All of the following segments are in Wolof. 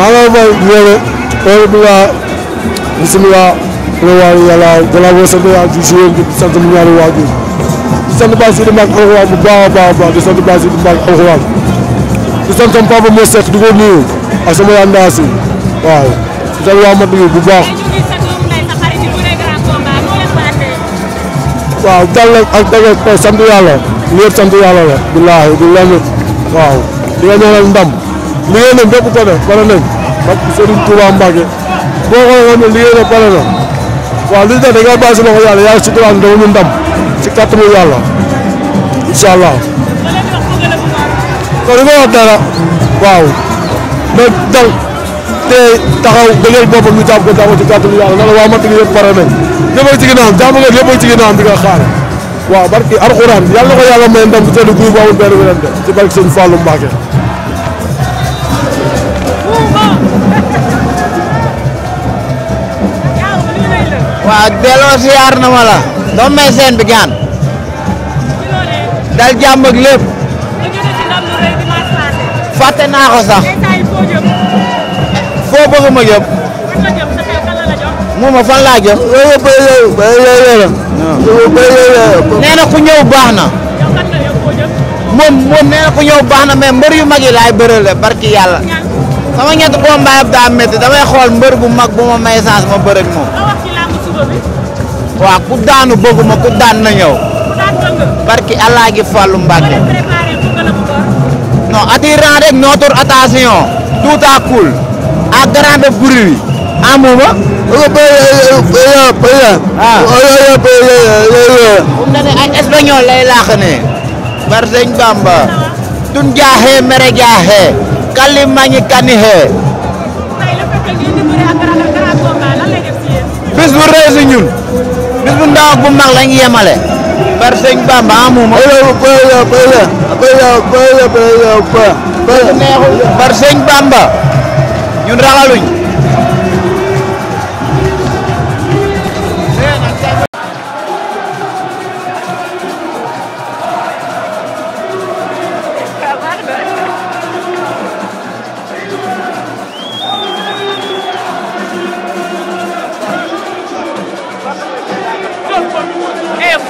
maanaam mooy ñëwee heure bi laa bisimilah la waa yàlla balaa boo sant yàlla si yéen di sant mu ñaari waa ji di sant baa si di màgg alxuraan bu baax a baax a baax di sant di màgg alxuraan di sant sama papa bu baax. waaw parce que Serigne Touba Mbacke boo xoolee woon ne liggéey na pare na waaw li ñu def da ngay bàyyi si loxo yàlla yàlla si turam dama ñu ndam si kàttanu yàlla incha allah. kon li ma wax dara waaw na dal te taxaw dëgër boppam ñu jàpp ko jàpp ci kàttanu yàlla na la waa Matuka yëpp pare nañ ñëpp ci ginnaaw jàmm nga ñëpp ci ginnaaw di nga xaar waaw barki alxuraan yàlla na ko yàlla may ndam te du guub amul benn werante ci waaw delloo siyaar na ma la. doom may seen bi gaan dal jàmm ak lépp. fàtte naa sax. foo bëgg ma jëm. moom a fan laa jëm. loolu bëri loolu bëri ku ñëw baax na. moom moom nee na ku ñëw baax na mais mbër yu mag yi laay bërële barki yàlla. sama ñett combat yëpp daa métti damay xool mbër bu mag bu ma may chance ma bëreeg moom. waaw ku daanu bëgguma ku daan na ñëw. barki allah gi fàllu Mbàkke. non attirant rek notre attention. tout à cool. à grand bruit. amuma. ah. mu ne ne ay espagnol lay laax ne. bar sëñ Bamba. tun jaaxee mere jaaxee. kàlli mañi kani xee. bis bu rëy ñun. bis bu ndaw ak mag lañ yemale. par sëñ Bamba amuma. par sëñ Bamba ñun ragaluñ.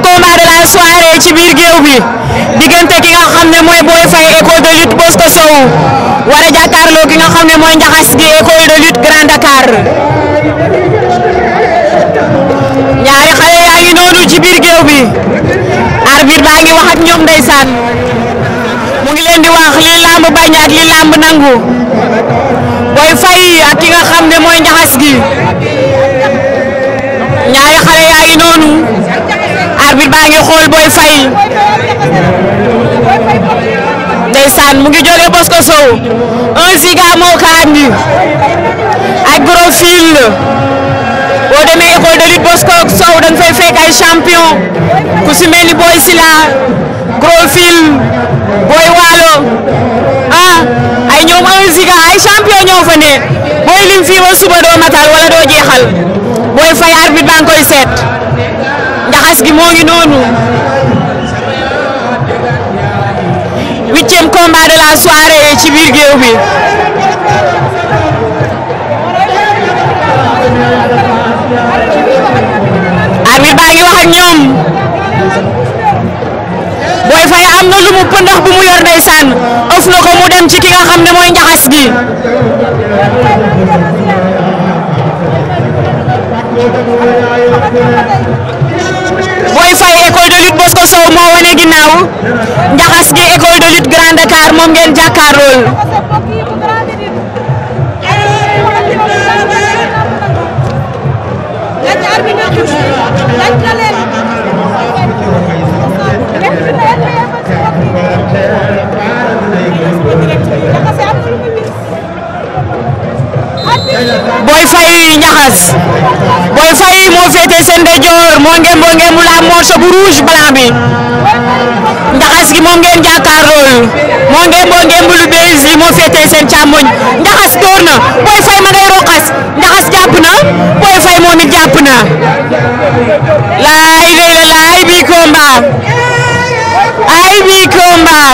combat de soirée ci biir géew bi diggante ki nga xam ne mooy Boy Faye école de lutte Bosco Sow war a jàkkaarloo ki nga xam ne mooy Njaxas gi école de lutte Grand Dakar ñaari xale yaa ngi ci biir géew bi arbitre baa ngi wax ak ñoom ndeysaan mu ngi leen di wax li làmb bañ ak li làmb nangu Boy Faye ak ki nga xam ne mooy Njaxas gi ñaari xale yaa ngi baa ngi xool Boy Faye ndeysaan mu ngi jóge Bosco Sow un siga moo ko ak gros fil boo demee école de lutte Bosco Sow da fay fekk ay champion ku si mel ni Boy Sila gros fil Boy Waalo ah ay champion ñoo fa ne booy lim fii ba suba doo matal wala doo jeexal Boy Faye arbitre baa ngi koy seet. Cees gi moo ngi noonu huitième combat de la soirée ci biir géew bi arbitre baa ngi wax ak ñoom Boy Faye am na lu mu pëndax bu mu yor ndeysaan of na ko mu dem ci ki nga xam ne mooy njaxas gi Boy Faye école de lutte Bosco Sow moo wane ginnaaw Njaxas gi école de lutte Grand Dakar moom ngeen jàkkaarlool ndeyjoor moo ngeen boo ngeen mu laa morceau bu rouge blanc bi njaxas gi moom ngeen jàkkaar lool moo ngeen boo ngeen bu lu bees li moo féetee seen càmmoñ njaxas door na Boy Faye ma ngay roqas njaxas jàpp na Boy Faye moom jàpp na laay léegi laay bii combat ay bii combat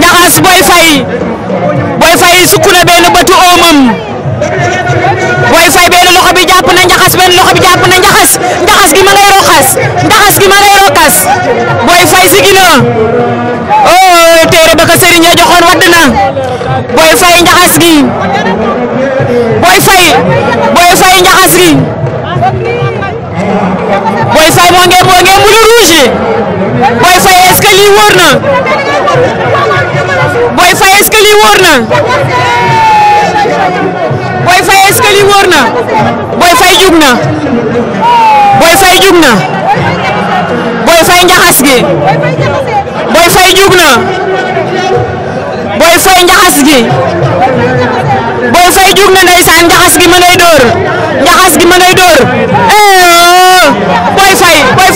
njaxas Boy Faye Boy Faye sukk na benn bëtu oomam Boy Faye benn loxo bi Serigne joxoon wadd na Boy Faye njaxas gi Boy Faye Boy Faye njaxas gi Boy Faye moo ngeen moo ngeen bulu rouge Boy Faye na Boy Faye est-ce na Boy Faye jug na Boy Faye jug na Boy Faye njaxas gi Boy Faye jug na Boy Faye njaxas gi Boy Faye jug na ndeysaan njaxas gi ma ngay door gi ma ngay door eh oh, oh, oh. Boy Faye Boy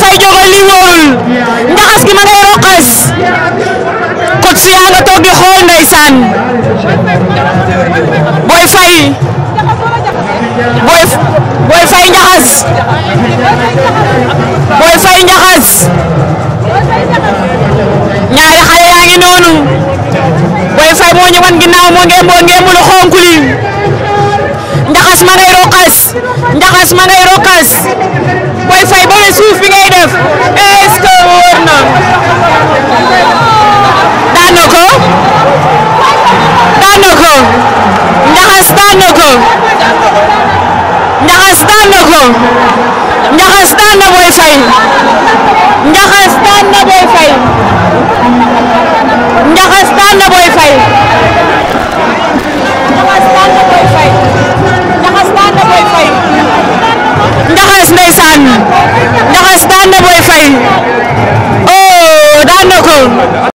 ñaari xale yaa noonu Boy Faye moo ñëwan ginnaaw moo ngi moo ngi lu xonk li njaxas ma ngay rokas njaxas ma ngay rokas Boy Faye ba suuf bi ngay def est-ce que wóor na daan na daan na ko njaxas daan na ko njaxas daan na Njaxas daan na Boy Faye Njaxas daan na Boy Faye Njaxas daan na Boy Faye Njaxas daan na Boy Faye Njaxas daan na Boy Faye Njaxas ndeysaan Njaxas daan na Boy Faye oh daan na ko